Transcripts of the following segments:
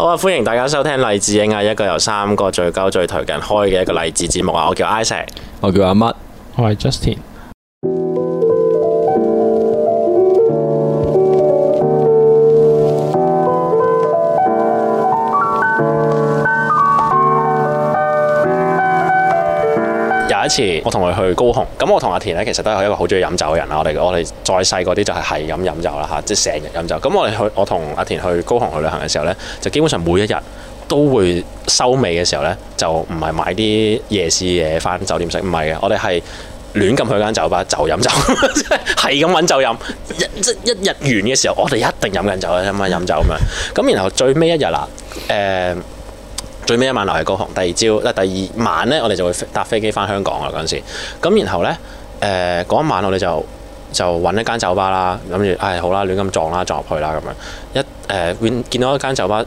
好啊！歡迎大家收聽勵志英啊，一個由三個最高最台近開嘅一個勵志節目啊！我叫 Iset，我叫阿乜，我係 Justin。我同佢去高雄，咁我同阿田咧，其實都係一個好鍾意飲酒嘅人啦。我哋我哋再細嗰啲就係係咁飲酒啦吓，即係成日飲酒。咁、就是、我哋去，我同阿田去高雄去旅行嘅時候呢，就基本上每一日都會收尾嘅時候呢，就唔係買啲夜市嘢返酒店食，唔係嘅，我哋係亂咁去間酒吧就飲酒，係咁揾酒飲，一日完嘅時候，我哋一定飲緊酒啦，飲啊飲酒咁樣。咁 然後最尾一日啦，誒、呃。最尾一晚留喺高雄，第二朝第二晚呢，我哋就會搭飛機返香港啦嗰陣時。咁然後呢，嗰、呃、一晚我哋就就揾一間酒吧啦，諗住唉，好啦，亂咁撞啦，撞入去啦咁樣。一誒、呃、見到一間酒吧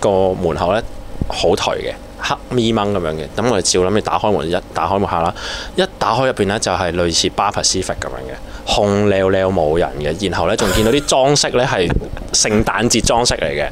個門口呢，好頹嘅，黑咪掹咁樣嘅。咁我哋照諗住打開門，一打開門下啦，一打開入面呢，就係、是、類似 Bar Pacific 咁樣嘅，空溜溜冇人嘅。然後呢，仲見到啲裝飾呢，係聖誕節裝飾嚟嘅。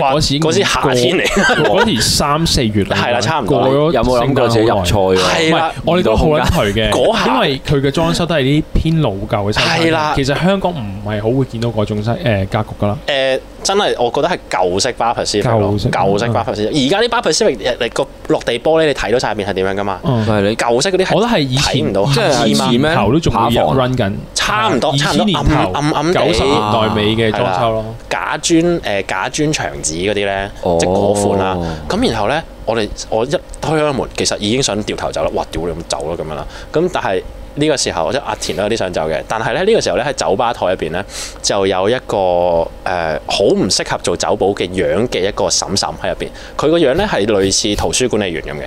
嗰時嗰時夏天嚟，嗰時三四月嚟係啦，差唔多過咗。有冇諗過自己入錯㗎？係我哋都好一台嘅。嗰下因為佢嘅裝修都係啲偏老舊嘅。係啦，其實香港唔係好會見到嗰種格局㗎啦。誒。真係，我覺得係舊式巴甫斯舊式，舊式巴甫斯，而家啲巴甫斯你個落地玻璃你睇到晒入面係點樣噶嘛？你舊式嗰啲，我都係睇唔到，二千年頭都仲有人 run 緊差唔多二千年頭，暗暗哋九十年代尾嘅裝修咯。假磚誒、呃，假磚牆紙嗰啲咧，即係嗰款啦。咁然後咧，我哋我一開開門，其實已經想掉頭走啦。哇！屌你咁走咯，咁樣啦。咁但係。呢、呢個時候，我覺得阿田都有啲想走嘅，但係咧，呢、呢個時候咧，喺酒吧台入邊咧，就有一個誒好唔適合做酒保嘅樣嘅一個嬸嬸喺入邊。佢個樣咧係類似圖書管理員咁嘅，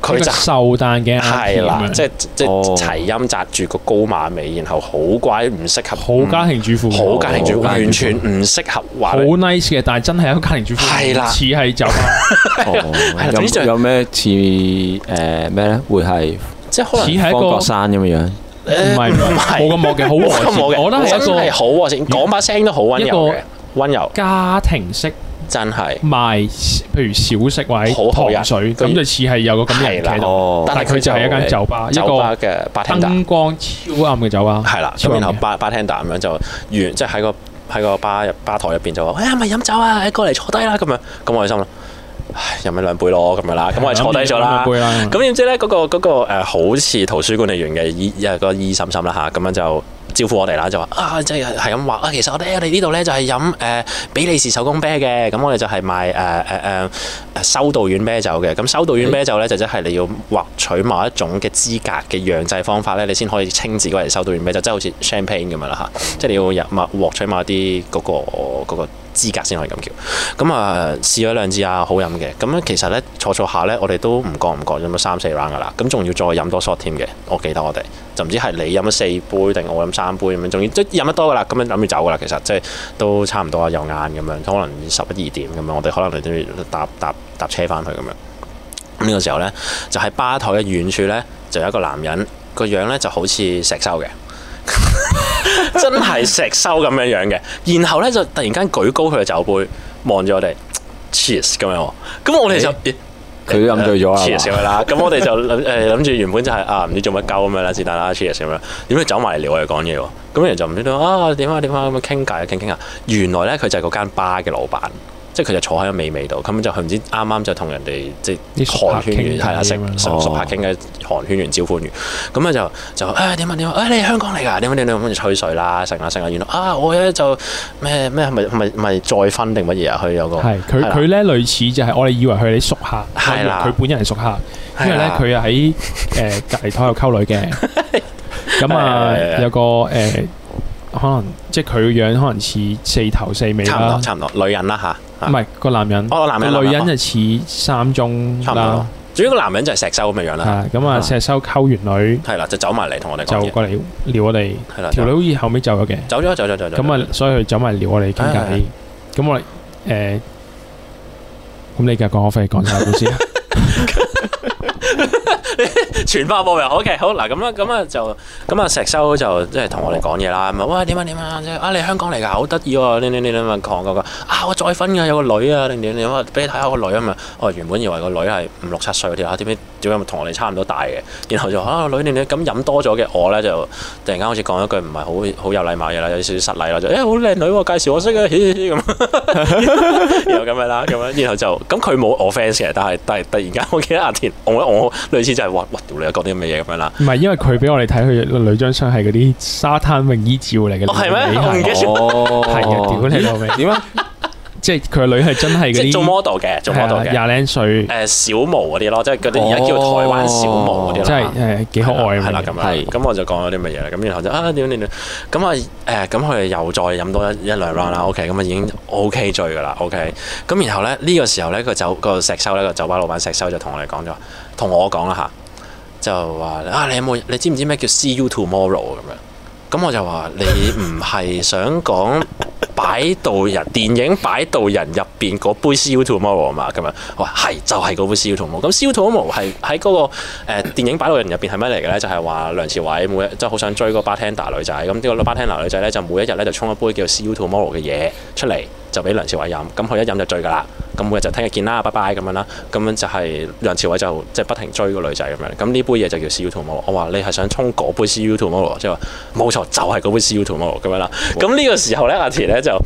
佢就收單嘅。係啦，即係即係、oh. 齊音紮住個高馬尾，然後好乖，唔適合好家庭主婦，好家庭主婦，完全唔適合。好 nice 嘅，但係真係一個家庭主婦。係、oh. oh. 啦，似係酒吧、 oh.。有有咩似誒咩咧？會係？即係似係一個山咁樣，唔係唔係冇咁惡嘅， 好和諧嘅。我覺得係好喎，先講把聲都好溫柔嘅，溫柔。家庭式真係賣，譬如小食或者糖水，咁就似係有個咁嘅氣氛。但係佢就係一間酒吧，酒吧一個嘅吧檯燈光超暗嘅酒吧，係啦。咁然後巴吧吧咁樣就完，即係喺個喺個吧入吧台入邊就話，哎呀，係咪飲酒啊，過嚟坐低啦、啊，咁樣咁開心啦。飲咗兩杯咯，咁樣啦，咁我哋坐低咗啦，咁點知咧嗰、那個嗰、那個誒、那個、好似圖書管理員嘅醫一個醫嬸嬸啦吓，咁、啊、樣就招呼我哋啦，就話啊即係係咁話啊，其實我哋我哋呢度咧就係飲誒比利時手工啤嘅，咁我哋就係賣誒誒誒修道院啤酒嘅，咁修道院啤酒咧、欸、就即、是、係你要獲取某一種嘅資格嘅釀製方法咧，你先可以稱自過嚟，修道院啤酒，即、就、係、是、好似 champagne 咁樣啦吓，即係你要入獲取某啲嗰個嗰個。那個那個資格先可以咁叫，咁啊試咗兩支啊，好飲嘅。咁其實呢，坐坐下呢，我哋都唔覺唔覺飲咗三四 round 噶啦，咁仲要再飲多 shot 添嘅。我記得我哋就唔知係你飲咗四杯定我飲三杯咁樣，仲要即飲得多噶啦。咁樣諗住走噶啦，其實即係都差唔多啊，又晏咁樣，可能十一二點咁樣，我哋可能諗要搭搭搭車返去咁樣。咁呢個時候呢，就喺吧台嘅遠處呢，就有一個男人個樣呢就好似石修嘅。 真係石收咁樣的樣嘅，然後咧，就突然間舉高佢嘅酒杯望住我哋，cheers 咁樣，咁我哋就佢都飲醉咗，Cheers，啊，咁 我哋就諗誒諗住原本就係、是、啊唔知做乜鳩咁樣啦，是但啦 cheers 咁樣，點知走埋嚟撩我哋講嘢喎，咁人就唔知道，不知道啊點啊點啊咁樣傾偈啊傾傾下，原來咧，佢就係嗰間吧嘅老闆。即係佢就坐喺個尾尾度，咁就佢唔知啱啱就同人哋即係啲韓圈、啊、完，係啦，熟熟客傾嘅韓圈員、召歡員，咁咧、哎、就就誒點啊點啊，誒你香港嚟㗎？點啊點啊點啊，吹水啦，成啦成啦，原來啊我咧就咩咩係咪係咪係再婚定乜嘢啊？佢有個佢佢咧類似就係我哋以為佢係啲熟客，係啦，佢本人係熟客，因為咧佢又喺誒隔離台度溝女嘅，咁啊有個誒可能即係佢嘅樣可能似四頭四尾差唔多，差唔多女人啦嚇。 嗯唔係個男人，個、哦、女人就似三中主要有個男人就係石修咁嘅樣啦。咁啊，石修溝完女，係啦就走埋嚟同我哋就過嚟撩我哋。係啦，條女好似後尾走咗嘅，走咗，走咗，走咗。咁啊，所以佢走埋撩我哋傾偈。咁我哋誒，咁、呃、你而家講我負責講晒故事。 說吧 傳發部人，OK，好嗱，咁啦，咁啊就，咁啊石修就即係同我哋講嘢啦，咁啊，哇點啊點啊，啊你香港嚟㗎，好得意喎，你你你點咁講講講，啊我再婚㗎，有個女啊，你點點咁啊，俾你睇下個女啊嘛，我原本以為個女係五六七歲嗰啲啊，點知點解同我哋差唔多大嘅，然後就啊女你點，咁飲多咗嘅我咧就突然間好似講一句唔係好好有禮貌嘢啦，有少少失禮啦，就誒好靚女，啊，介紹我識啊，嘻嘻咁，樣 然後咁樣啦，咁樣，樣，然後就咁佢冇我 fans 嘅，但係但係突然間我記得阿田，我、呃、我、呃呃呃呃、類似就是哇哇！屌你啊，講啲咁嘅嘢咁樣啦，唔係因為佢俾我哋睇佢個女張相係嗰啲沙灘泳衣照嚟嘅，係咩？唔記得先，係啊！屌你老味點啊？即係佢個女係真係嗰啲做 model 嘅，做 model 嘅廿零歲誒小模嗰啲咯，即係嗰啲而家叫台灣小模嗰啲咯，即係誒幾可愛係啦咁樣，係咁我就講咗啲乜嘢啦。咁然後就啊點點點咁啊誒咁佢又再飲多一兩 round 啦。OK，咁啊已經 OK 醉㗎啦。OK，咁然後咧呢個時候咧個酒個石修咧個酒吧老闆石修就同我哋講咗，同我講啦嚇。就話啊，你有冇你知唔知咩叫 See You Tomorrow 咁樣？咁我就話你唔係想講擺渡人電影擺渡人入邊嗰杯 See You Tomorrow 啊嘛？咁樣我話係就係嗰、就係、杯 See You Tomorrow。咁 See You Tomorrow 係喺嗰個誒、呃、電影擺渡人入邊係咩嚟嘅咧？就係、係、話梁朝偉每一即係好想追嗰個 bartender 女仔咁，呢個 bartender 女仔咧就每一日咧就沖一杯叫 See You Tomorrow 嘅嘢出嚟。就俾梁朝偉飲，咁佢一飲就醉噶啦，咁每日就聽日見啦，拜拜咁樣啦，咁樣就係梁朝偉就即係、就是、不停追個女仔咁樣，咁呢杯嘢就叫 See You Tomorrow 我話你係想衝嗰杯 See You Tomorrow 即係話冇錯，就係、是、嗰杯 See You Tomorrow 咁樣啦，咁呢個時候咧，阿田咧就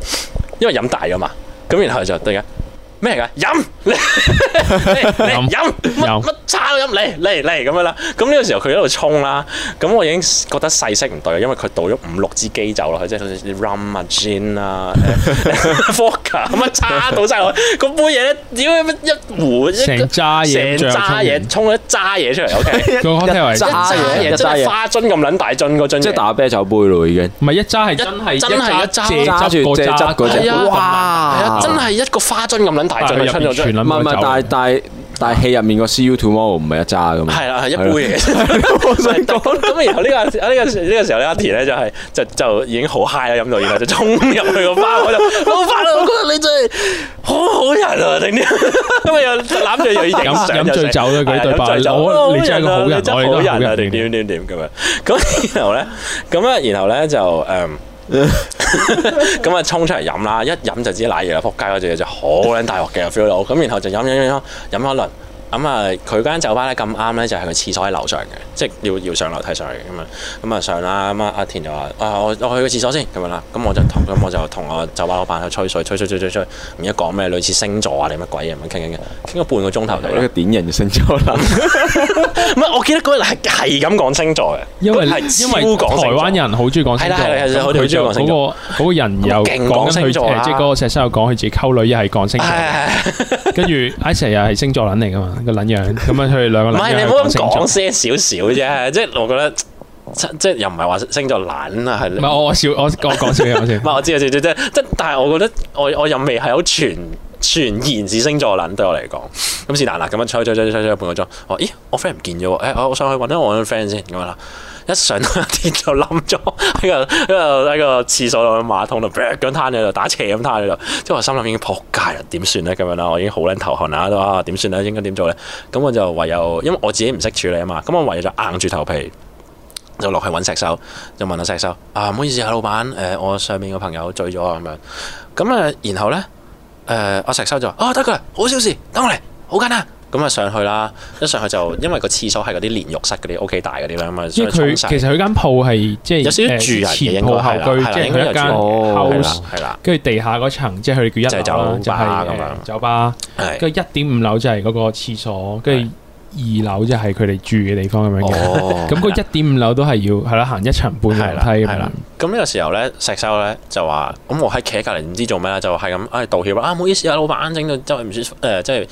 因為飲大啊嘛，咁然後就等緊。咩嚟噶飲嚟飲乜乜嘢都飲嚟嚟嚟咁樣啦。咁呢個時候佢喺度沖啦。咁我已經覺得勢色唔對，因為佢倒咗五六支基酒落去，即係好似啲 rum 啊 gin 啦，伏特加乜嘢倒晒落去。嗰杯嘢咧，屌一壺成扎嘢，成扎嘢沖一扎嘢出嚟。O.K. 一扎嘢嘢，一扎嘢花樽咁撚大樽，個樽即係打啤酒杯類嘅。唔係一扎係真係一扎揸住蔗汁嗰隻。哇，真係一個花樽咁撚。大樽入面，全唔係唔係，但係但係但係戲入面個 C U tomorrow 唔係一揸噶嘛？係啦，係一杯嘢。我想講咁，然後呢個呢個呢個時候咧，阿田咧就係就就已經好 high 啦，飲到，然後就沖入去個包度。老闆，我覺得你真係好好人啊，頂你！咁啊又攬住又飲醉酒啦，幾對白，我你真係個好人，我係好人啊，點點點咁樣。咁然後咧，咁啊然後咧就誒。咁啊，沖出嚟飲啦！一飲就知瀨嘢啦，撲街嗰隻嘢就好撚大鑊嘅 feel 到。咁然後就飲飲飲飲飲咗一輪。咁、嗯、啊，佢間酒吧咧咁啱咧，就係、是、個廁所喺樓上嘅，即係要要上樓梯上去咁、嗯嗯、啊，咁啊上啦。咁啊，阿田就話：啊，我我去個廁所先咁樣啦。咁、嗯嗯、我就同咁、嗯、我就同我酒吧老闆去吹水，吹吹吹吹吹，唔知講咩，類似星座啊定乜鬼嘢咁樣傾緊嘅，傾咗半個鐘頭、啊啊。一個典型嘅星座啦，唔 係， 我記得嗰日係係咁講星座嘅，因為因為台灣人好中意講星座，係啦係啦，好中意講星座。嗰、那個那個人又勁講星座啦、啊，即係嗰個石生又講佢自己溝女，一係講星座，跟住阿石又係星座撚嚟㗎嘛。個卵樣，咁 樣，佢哋兩個唔係，你唔好咁講些少少啫，即 係我覺得即係又唔係話星座卵啊，係唔係我笑我我講笑先。唔 係我知我知，少即係但係我覺得我我又未係好全全然是星座卵，對我嚟講，咁是但啦，咁樣吹吹吹吹咗半個鐘，我咦我 friend 唔見咗，誒、欸、我上去搵下我個 friend 先咁樣啦。一上到天就冧咗喺個喺個喺廁所度個馬桶度，咁攤喺度打斜咁攤喺度，即係我心諗已經仆街啦，點算咧咁樣啦？我已經好撚頭痕啊，都點算咧？應該點做咧？咁我就唯有，因為我自己唔識處理啊嘛，咁我唯有就硬住頭皮就落去搵石手，就問下石手：「啊，唔好意思啊，老闆，誒、呃，我上面個朋友醉咗啊，咁樣咁啊，然後咧誒、呃，我石手就啊得噶，好小事，等我嚟，好簡單！咁啊上去啦，一上去就因為個廁所係嗰啲連浴室嗰啲屋企大嗰啲啦嘛，因為佢其實佢間鋪係即係有少少住人嘅、呃、前鋪應後居，即啦，係、就、佢、係、一間 house 係啦，跟住地下嗰層即係佢叫一樓就係、係、酒吧咁樣，就係、酒吧，跟住一點五樓就係嗰個廁所，跟住。二樓就係佢哋住嘅地方咁樣嘅，咁佢一點五樓都係要係啦，行 一層半嘅樓梯咁，咁呢個時候咧，石修咧就話：咁我喺企喺隔離唔知做咩啦，就係咁，哎道歉啊，唔好意思啊，老闆整到周圍唔舒服，即、呃、係、就是、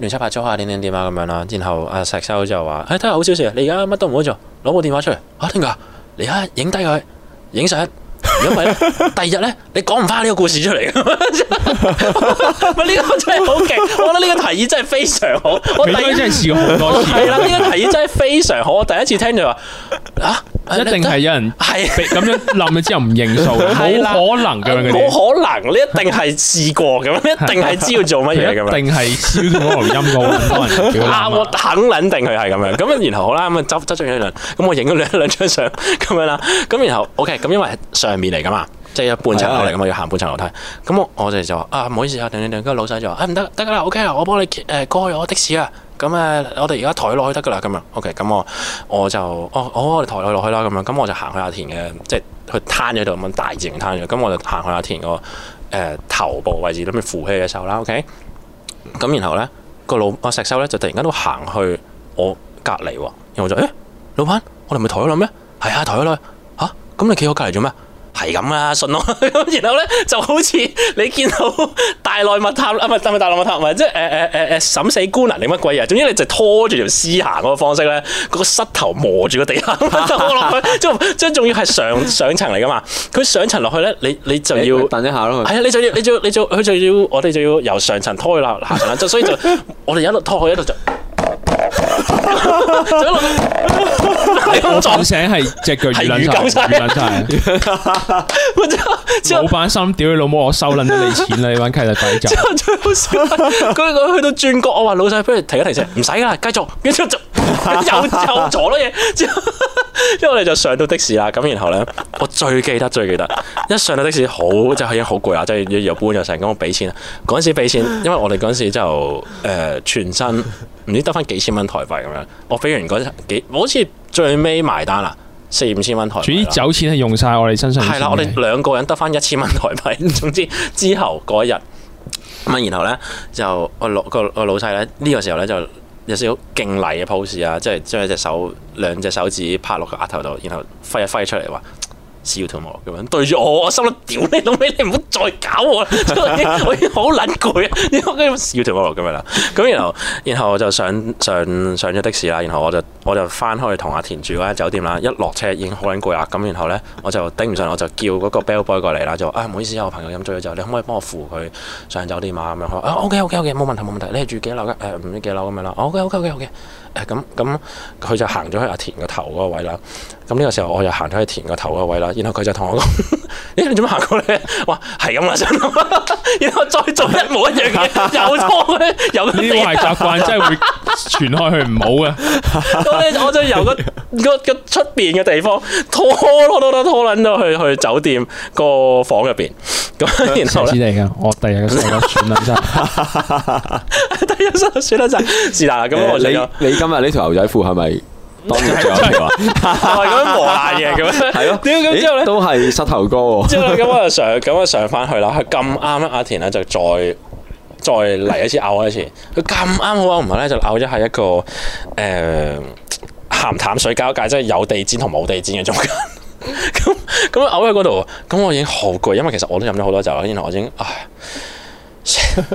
亂七八糟啊，點點點啊咁樣啦。然後阿石修就話：哎睇下好少事啊，你而家乜都唔好做，攞部電話出嚟，嚇真㗎，你而家影低佢，影相、啊。拍如果第二日咧，你講唔翻呢個故事出嚟，唔，呢個真係好勁，我覺得呢個提議真係非常好。我第一應該真係試過好多次。係啦，呢個提議，這個，題真係非常好。我第一次聽就話，是，啊，一定係有人係咁樣諗咗之後唔認數，冇可能冇可能，你一定係試過噶， 你一定係知道做乜嘢 一定係招過， 的我肯諗定佢係咁樣。咁然後好啦，咁啊執執咁我影咗兩兩張相咁樣啦。咁然後 O K，咁因為上係面嚟噶嘛，即係一半層樓嚟噶嘛，要行半層樓梯。咁我哋就話啊，唔、啊啊、好意思啊，等等等。跟住老細就話，哎唔得，得噶啦，OK 啊，不 OK, 我幫你誒，過去、呃、我的士啊。咁、嗯、誒，我哋而家抬落去得噶啦，咁樣。OK，咁、嗯、我我就哦，好，我哋抬落去落去啦，咁樣。咁我就行去阿田嘅，即係去攤咗度咁樣大字型攤咗。咁我就行去阿田個誒、呃、頭部位置，諗住扶佢嘅時候啦。OK，咁然後咧個老石手咧就突然間都行去我隔籬，因為我就誒，老闆，我哋咪抬咗啦咩？係啊，抬咗落去吓，咁、啊、你企我隔籬做咩？係咁啦，信我。咁 然後咧，就好似你見到大內密探啊，唔係大內大內密探，唔係即係誒誒誒誒審死官能。定乜鬼嘢，啊？總之你就拖住條屍行嗰個方式咧，嗰、嗰個膝頭磨住個地啊， 拖落去。即係仲要係上上層嚟噶嘛？佢上層落去咧，你你就要你你等一下咯。係啊，你就要你就要你就佢就要我哋就要由上層拖去落下層啦。就所以就我哋一路拖，去，一路就。撞醒係隻腳魚卵，撞醒魚卵，真係老闆心屌你老母，我收撚咗你錢啦！你玩契弟一集，佢佢去到轉角，我話老細不如提一提示，唔使啦，繼續繼續做，又又撞咗嘢。因為我哋就上到的士啦，咁然後呢，我最記得最記得，一上到的士好就已經好攰啦，即係又搬又成，咁我俾錢，嗰陣時俾錢，因為我哋嗰陣時就誒、呃、全身唔知得翻幾千蚊台幣咁樣，我俾完嗰幾，好似最尾埋單啦，四五千蚊台幣，啊，總之酒錢係用晒我哋身上，係啦，我哋兩個人得翻一千蚊台幣，總之之後嗰日，咁然後呢，就個老個個老細呢呢、這個時候呢，就。有少少敬禮嘅 pose 啊，即係將一隻手，兩隻手指拍落個額頭度，然後揮一揮出嚟話。笑條毛咁樣對住我，我心諗屌你老味，你唔好再搞我啦！ 我已經好撚攰啊！笑條毛咁樣啦。咁然後然後我就上上上咗的士啦，然後我就我就翻開去同阿田住嗰間酒店啦。一落車已經好撚攰啦。咁然後咧，我就頂唔順，我就叫嗰個 bellboy 過嚟啦，就話啊唔好意思，我朋友飲醉咗，就你可唔可以幫我扶佢上酒店啊？咁樣佢啊 OK OK OK 冇問題冇問，問題，你係住幾樓噶？誒、呃、唔知幾樓咁樣啦、啊。OK OK OK OK 咁咁，佢就行咗去阿田個頭嗰個位啦。咁呢個時候，我就行咗去田個頭嗰個位啦。然後佢就同我講：， 你你做咩行過嚟？ 哇，係咁啦，然後再做一模一樣嘢，有 拖咧去，有呢個係習慣，真係會傳開去唔好嘅。咁我就由、嗰個出邊嘅地方拖攞攞攞拖到去 去，去酒店個房入邊。咁 然次嚟咧，我第一都算啦真，第一首選啦真，是但啦。咁、呃、你你今日呢條牛仔褲係咪當、 欸、然着住啊？係咁磨難嘢咁樣，係咯。屌咁之後咧，都係膝頭哥、啊。之後咧，咁上，咁啊上翻去啦。佢咁啱阿田咧就再再嚟一次咬一次。佢咁啱好啊，唔係咧就咬咗係一個誒、呃、鹹淡水交界，即、就、係、是、有地氈同冇地氈嘅中間。咁咁嘔喺嗰度，咁我，我已經好攰，因為其實我都飲咗好多酒啦。然後我已經唉，咁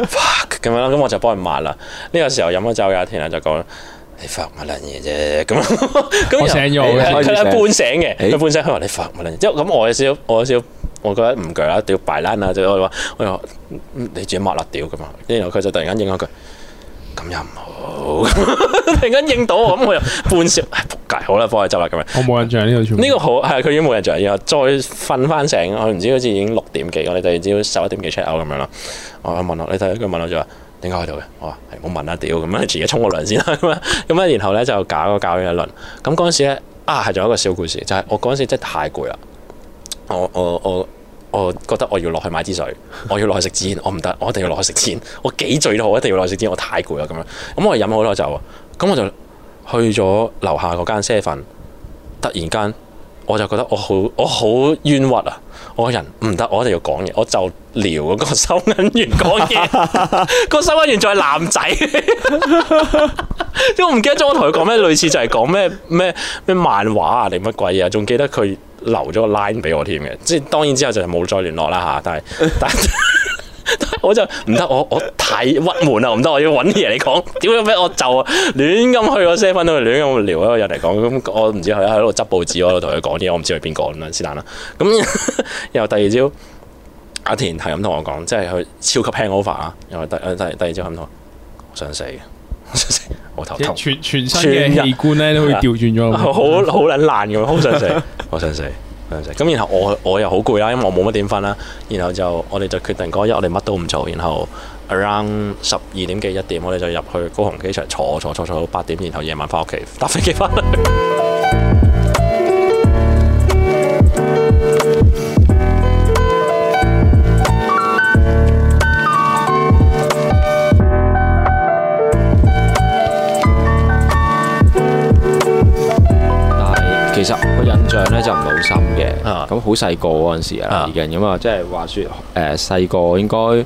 樣，咁我就幫佢抹啦。呢、這個時候飲咗酒嘅，天 啊， 就講你發乜卵嘢啫？咁咁又佢係半醒嘅，佢 半醒佢話你發乜卵？即係咁我少我少我覺得唔鋸啦，屌擺爛啊！就我話我又你自己抹啦，屌咁嘛。然後佢就突然間應咗句。咁又唔好， 突然間認到我咁 我又半笑，仆 街、哎，好啦，放佢走啦咁樣。我冇印象呢個呢個好，係佢已經冇印象，然後再瞓翻醒，我唔知好似已經六點幾，我哋第二朝十一點幾 check out 咁樣啦。我問我，你睇佢問我就話點解喺度嘅？我話係冇問啊，屌咁啊，自己沖個涼先啦咁啊，然後咧就搞個教練一輪。咁嗰陣時咧啊，係仲有一個小故事，就係、是、我嗰時真係太攰啦，我我我。我我覺得我要落去買支水，我要落去食煙，我唔得，我一定要落去食煙。我幾醉都好，我一定要落去食煙。我太攰啦，咁樣咁、嗯、我飲好多酒，咁我就去咗樓下嗰間 seven。突然間我就覺得我好我好冤屈啊！我個人唔得，我一定要講嘢，我就撩嗰個收銀員講嘢。個 收銀員仲係男仔，因為我唔記得咗我同佢講咩，類似就係講咩咩咩漫畫啊定乜鬼嘢，仲、啊、記得佢。留咗個 line 俾我添嘅，即係當然之後就冇再聯絡啦嚇。但係但係 我就唔得，我我太鬱悶啦，唔得我要揾啲嘢嚟講。點樣咩？我就亂咁去個 set 翻到去，亂咁聊一個人嚟講。咁我唔知佢喺度執報紙，我喺度同佢講啲，我唔知佢邊個咁樣是但啦。咁又 第二朝，阿田係咁同我講，即係佢超級 hang over 啊。因為第第二朝咁同我，想死嘅，想死，我頭痛。全全身嘅器官咧都會調轉咗，好好撚爛咁好想死。 我想死，我想死。咁然後我我又好攰啦，因為我冇乜點瞓啦。然後就我哋就決定嗰日我哋乜都唔做。然後 around 十二點幾一點，我哋就入去高雄機場坐坐坐坐到八點。然後夜晚翻屋企搭飛機翻去。咧就唔好深嘅，咁好細個嗰陣時啊，已經咁啊，即係話說誒細個應該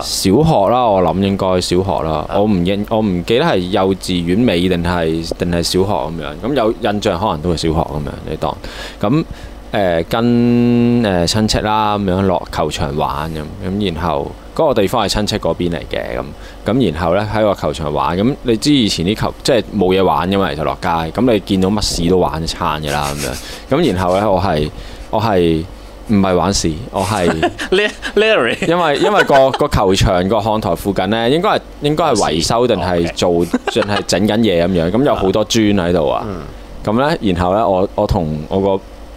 小學啦，我諗應該小學啦，啊，我唔認我唔記得係幼稚園尾定係定係小學咁樣，咁有印象可能都係小學咁樣，你當咁。誒、呃、跟誒、呃、親戚啦，咁樣落球場玩咁咁，然後嗰、那個嗰個地方係親戚嗰邊嚟嘅咁咁，然後呢，喺個球場玩咁，你知以前啲球即係冇嘢玩嘅嘛，就落街咁，你見到乜事都玩餐嘅啦咁咁，然後呢，我係我係唔係玩事，我係 Larry， 因為因為、那個那個嗰個嗰個球場 個看台附近呢，應該係應該係維修定係做仲係整緊嘢咁樣，咁有好多磚喺度啊，咁、 嗯、呢，然後呢，我我同我個。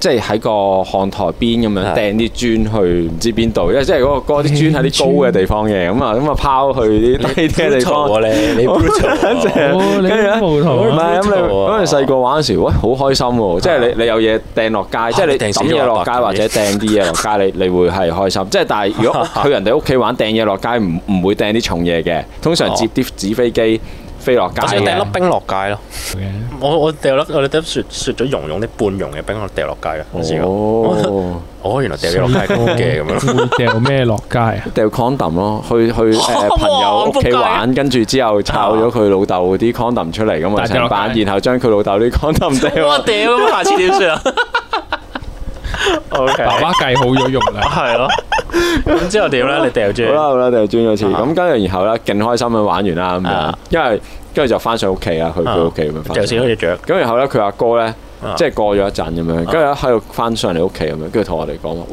即係喺個看台邊咁樣掟啲磚去唔知邊度，因為即係嗰個啲磚喺啲高嘅地方嘅，咁啊咁啊拋去啲低嘅地方咧，你都錯。跟住咧，唔係咁你嗰陣細個玩嗰時，喂、啊 哦、好開心，即係你你，你，你，你有嘢掟落街，即係你抌嘢落街、啊、或者掟啲嘢落街， 你你會係開心。即係但係如果去人哋屋企玩掟嘢落街，唔唔會掟啲重嘢嘅，通常接啲紙飛機。哦街落街，okay，我掉粒冰落街咯。我我掉粒我哋掉雪雪咗溶溶啲半溶嘅冰落掉落街嘅。Oh. 哦，原來掉落街嘅咁 這樣。掉咩落街啊？掉 condom 咯，去去誒、呃、朋友屋企玩，跟住之後炒咗佢老豆啲 condom 出嚟咁啊，成班，然後將佢老豆啲 condom 掉。咁屌，下次點算啊？OK，爸爸計好咗用啦，係 咯。 咁之後點咧？ 你掉轉，好啦好啦，掉轉咗次。咁跟住然後咧，勁開心咁玩完啦咁樣，因為。跟住就翻上屋企啊，去佢屋企咁樣，就死咗隻雀。咁然後咧，佢阿哥咧，即係過咗一陣咁樣，跟住喺度翻上嚟屋企咁樣，跟住同我哋講話，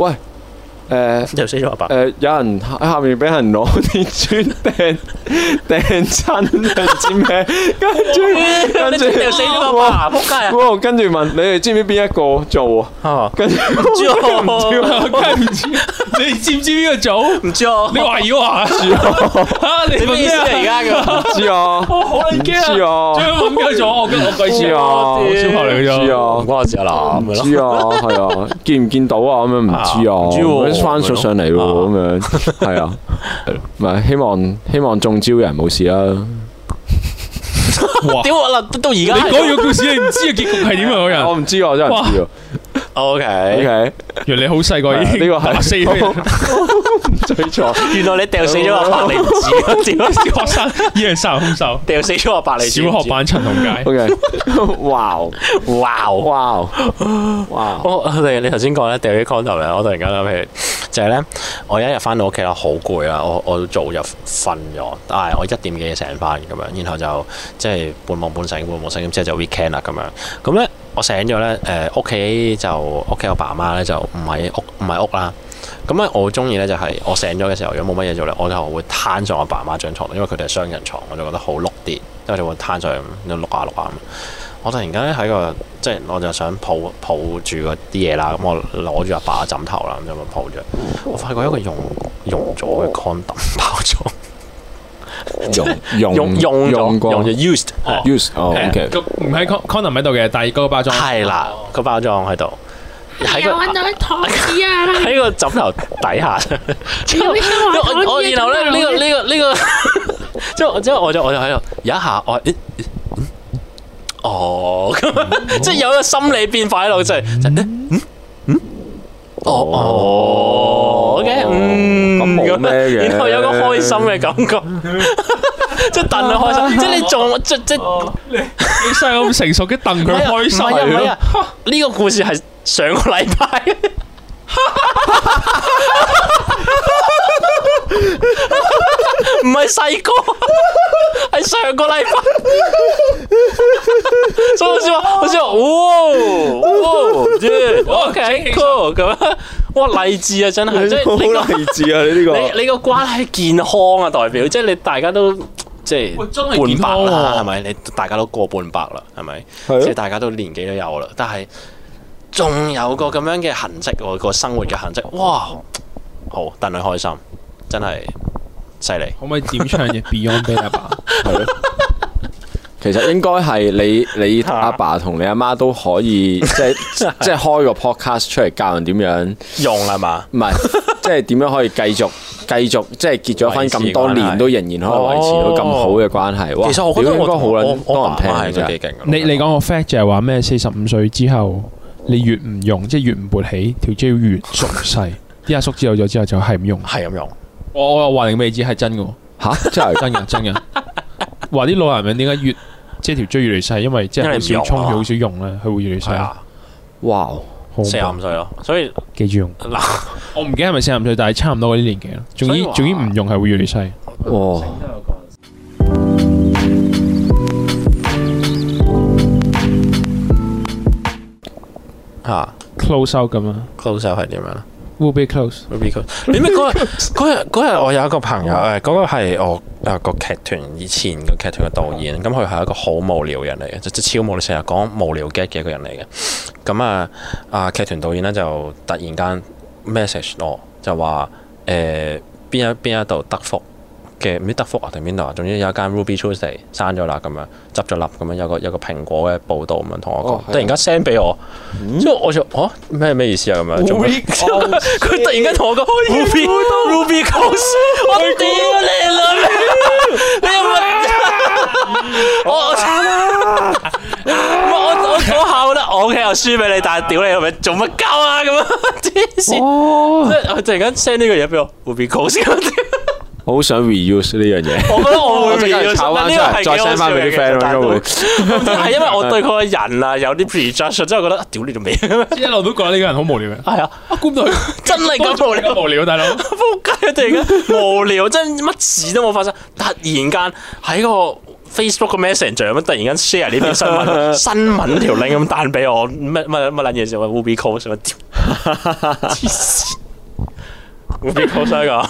喂，誒，又死咗阿爸，誒，有人喺下面俾人攞啲磚掟掟親佢隻命，跟住跟住又死咗阿爸，撲街！跟住問你哋知唔知邊一個做啊？跟住唔知，唔知，唔知。 你知唔知呢個組？唔知你啊！你懷疑我、啊？住我你咩意思嚟而家噶？住我，我好驚啊！住我，做乜咁嘅組？我唔鬼知啊！ 啊！小學嚟嘅啫，唔關事啊啦，唔知啊，係啊，見唔見到啊？咁樣唔知啊，唔會翻上上嚟喎，咁樣係啊，咪、啊、希望希望中招嘅人冇事啦。屌 啊！嗱，到而家你講呢個故事，你唔知嘅結局係點樣人？我唔知啊，真係唔知啊！O、okay, K，、okay, 原來你好細個已經呢個係四分，最錯。 原來你掉死咗個白獅子，點樣發生？依然受控受掉死咗個白獅子，小學版陳同佳。O K，哇！哇、okay. wow. wow. wow. wow. wow. wow. wow.！哇！哇！我你你頭先講咧掉起 content 我突然間諗起就係、是、咧，我一日翻到屋企啦，好攰啦，我我早就瞓咗。但係我一點幾醒翻咁樣，然後就即係、就是、半夢半醒，半夢醒。咁之後就 weekend 啦咁樣。咁咧。我醒咗咧，誒屋企就屋企，我爸媽咧就唔喺屋唔喺屋啦。咁咧我中意咧就係、是、我醒咗嘅時候，如果冇乜嘢做咧，我就會攤上我爸媽張床。因為佢哋係雙人床，我就覺得好碌啲，因為我攤上就碌下碌下。我突然間喺個即係我就想抱抱住嗰啲嘢啦。咁我攞住阿爸嘅枕頭啦，咁就抱住。我發覺一個用用咗嘅 condom 包咗。用用用用用用 used，use、哦哦 yeah, ok 唔喺 con，con 喺度嘅，但係嗰個包裝係、哦、啦，個包裝喺度，喺、啊、個枕頭底下， 啊、我然後咧呢個呢個呢個，即係即係我就我就喺度，有一下我，哦，即、oh, 係 有一個心理變化喺度出嚟。就是 mm-hmm. 哦、oh，，OK，哦，嗯，哦，哦，哦，哦，然後有個開心嘅感覺，即戥哦，佢開心， 即你仲還 即你即哦，哦，咁成熟，哦，哦，戥佢開心。唔係啊，哦、啊，哦、啊，哦、 啊，呢、這個故事係上個禮拜，唔係細個，係 上個禮拜。哦， 哦，哦，哦，哦，哦，哦，c o 咁，哇，勵志啊，真係，好勵志啊、就是、你呢、這個，你個關係健康啊代表，即、就、係、是、你大家都即係、啊、半百啦，係、啊、咪？你大家都過半百啦，係咪？即係、啊就是、大家都年紀都有啦，但係仲有個咁樣嘅痕跡喎，個生活嘅痕跡，哇，好，戥佢開心，真係犀利。 可唔可以點唱隻 Beyond 俾阿爸？係啊。其實應該係你你阿爸同你阿媽，媽都可以 即係即係開個 podcast 出嚟教人點樣用係嘛？唔係 即係點樣可以繼續繼續即係結咗婚咁多年都仍然可以維持到咁好嘅關係。其實我覺得我應該好撚多人聽㗎咋。你你講個 fact 就係話咩？四十五歲之後你越唔用即係越唔勃起，條蕉越縮細。啲 阿叔知道咗之後就係唔用係咁 用。我我你懷疑未知係真㗎喎。嚇、啊、真係 真㗎真㗎話啲老年人點解越？即係條追越嚟細，因為即係好少沖，佢好少用咧，佢會越嚟細、啊。 哇，四十五歲咯，所以記住用嗱。我唔記得係咪四十五歲，但係差唔多嗰啲年紀啦。總之，總之唔用係會越嚟細。哇！吓，close out 咁啊？close out 係點樣？Will be close, will be close。 點解嗰日嗰日嗰日我有一個朋友誒，嗰、嗰個係我啊、嗰個劇團以前個劇團嘅導演，咁佢係一個好無聊人嚟嘅，即即超無聊，成日講無聊 get 嘅一個人嚟嘅。咁啊啊劇團導演咧就突然間 message 我，就話誒邊一邊一度得福。嘅唔知德福啊定邊度啊，總之有一間 Ruby Tuesday 刪咗啦咁樣執咗笠咁樣，有個有個蘋果嘅報導咁樣同我講，突然間 send 俾我，即、嗯、係我就哦，咩、啊、咩意思啊咁樣做？佢、oh，突然間同我講、hey, Ruby Ruby Tuesday 我屌你啦，你有冇？我、啊啊、 我我啦！我、啊、 我嗰、啊、覺得、啊、我屋企又輸俾你，啊、但係屌你係咪做乜鳩啊咁樣？哦！即、啊、我突然間 send 呢個嘢俾我 Ruby 好想 reuse 呢樣嘢。我覺得我會 reuse，但呢人係幾好笑嘅，但係 因為我對佢個人啊有啲 prejudice，真 係我覺得，屌你做咩？一路都講呢個人好無聊嘅。係啊，估、啊、唔到 真係咁無聊， 無聊大佬。仆街啊！突然間無聊，真乜事都冇發生， 突然間喺個 Facebook 個 message 咁，突然間 share 呢篇新聞， 新聞條 link 咁彈俾我，咩咩乜爛嘢嘅時候，呼叫我，呼叫我，丟。呼叫衰噶。